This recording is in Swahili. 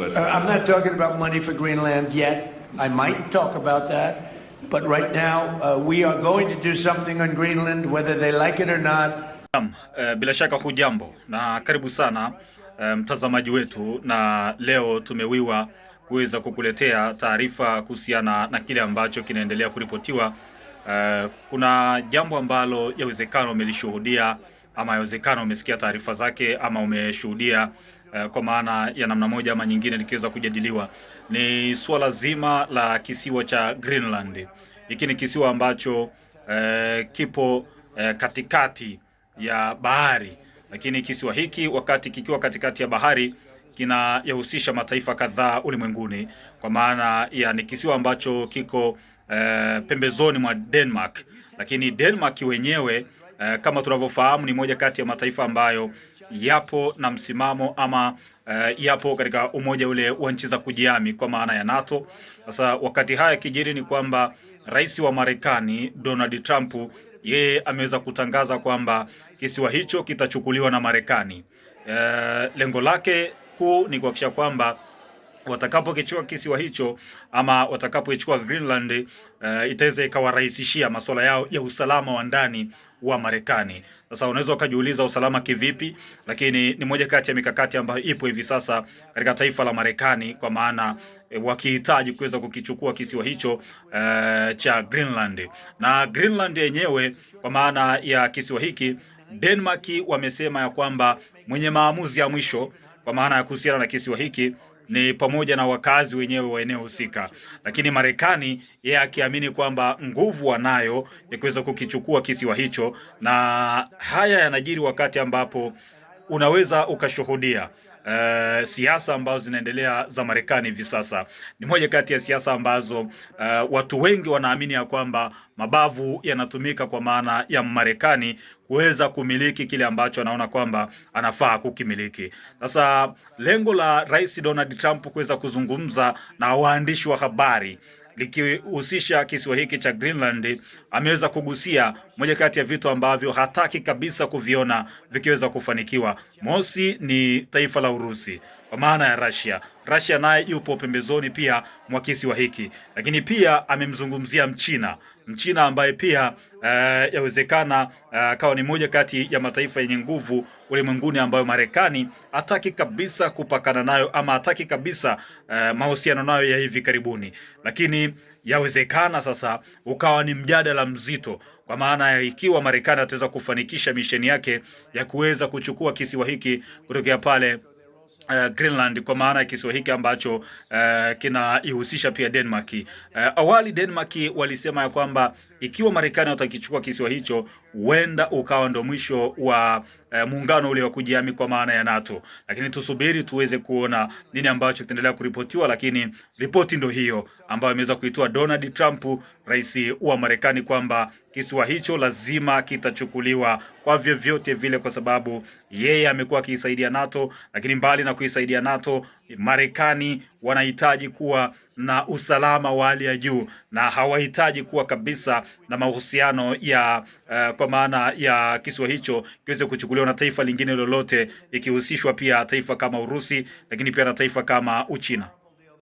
Uh, I'm not talking about money for Greenland yet. I might talk about that. But right now, uh, we are going to do something on Greenland, whether they like it or not. Um, uh, bila shaka hujambo na karibu sana uh, mtazamaji um, wetu, na leo tumewiwa kuweza kukuletea taarifa kuhusiana na kile ambacho kinaendelea kuripotiwa. Uh, kuna jambo ambalo yawezekana umelishuhudia ama yawezekana umesikia taarifa zake ama umeshuhudia eh, kwa maana ya namna moja ama nyingine likiweza kujadiliwa ni suala zima la kisiwa cha Greenland. Hiki ni kisiwa ambacho eh, kipo eh, katikati ya bahari, lakini kisiwa hiki wakati kikiwa katikati ya bahari kinayahusisha mataifa kadhaa ulimwenguni, kwa maana ya ni kisiwa ambacho kiko eh, pembezoni mwa Denmark, lakini Denmark wenyewe eh, kama tunavyofahamu ni moja kati ya mataifa ambayo yapo na msimamo ama eh, yapo katika umoja ule wa nchi za kujihami kwa maana ya NATO. Sasa wakati haya kijiri ni kwamba rais wa Marekani Donald Trump yeye ameweza kutangaza kwamba kisiwa hicho kitachukuliwa na Marekani. Eh, lengo lake kuu ni kuhakikisha kwamba watakapokichukua kisiwa hicho ama watakapoichukua Greenland, uh, itaweza ikawarahisishia masuala yao ya usalama wa ndani wa Marekani. Sasa unaweza ukajiuliza usalama kivipi, lakini ni moja kati ya mikakati ambayo ipo hivi sasa katika taifa la Marekani, kwa maana e, wakihitaji kuweza kukichukua kisiwa hicho e, cha Greenland. Na Greenland yenyewe kwa maana ya kisiwa hiki, Denmark wamesema ya kwamba mwenye maamuzi ya mwisho kwa maana ya kuhusiana na kisiwa hiki ni pamoja na wakazi wenyewe wa eneo husika, lakini Marekani yeye akiamini kwamba nguvu anayo ya kuweza kukichukua kisiwa hicho, na haya yanajiri wakati ambapo unaweza ukashuhudia uh, siasa ambazo zinaendelea za Marekani hivi sasa ni moja kati ya siasa ambazo uh, watu wengi wanaamini ya kwamba mabavu yanatumika kwa maana ya Marekani kuweza kumiliki kile ambacho anaona kwamba anafaa kukimiliki. Sasa lengo la Rais Donald Trump kuweza kuzungumza na waandishi wa habari likihusisha kisiwa hiki cha Greenland, ameweza kugusia moja kati ya vitu ambavyo hataki kabisa kuviona vikiweza kufanikiwa. Mosi ni taifa la Urusi kwa maana ya Russia. Russia naye yupo pembezoni pia mwa kisiwa hiki, lakini pia amemzungumzia Mchina, Mchina ambaye pia uh, yawezekana eh, akawa uh, ni moja kati ya mataifa yenye nguvu ulimwenguni ambayo Marekani hataki kabisa kupakana nayo ama hataki kabisa uh, mahusiano nayo ya hivi karibuni, lakini yawezekana sasa ukawa ni mjadala mzito kwa maana ya ikiwa Marekani ataweza kufanikisha misheni yake ya kuweza kuchukua kisiwa hiki kutokea pale Uh, Greenland kwa maana ya kisiwa hiki ambacho uh, kinaihusisha pia Denmark. Uh, awali Denmark walisema ya kwamba ikiwa Marekani watakichukua kisiwa hicho huenda ukawa ndo mwisho wa eh, muungano ule wa kujihami kwa maana ya NATO, lakini tusubiri tuweze kuona nini ambacho kitaendelea kuripotiwa, lakini ripoti ndo hiyo ambayo imeweza kuitoa Donald Trump, rais wa Marekani, kwamba kisiwa hicho lazima kitachukuliwa kwa vyovyote vile, kwa sababu yeye amekuwa akiisaidia NATO, lakini mbali na kuisaidia NATO Marekani wanahitaji kuwa na usalama wa hali ya juu na hawahitaji kuwa kabisa na mahusiano ya uh, kwa maana ya kisiwa hicho kiweze kuchukuliwa na taifa lingine lolote, ikihusishwa pia taifa kama Urusi, lakini pia na taifa kama Uchina.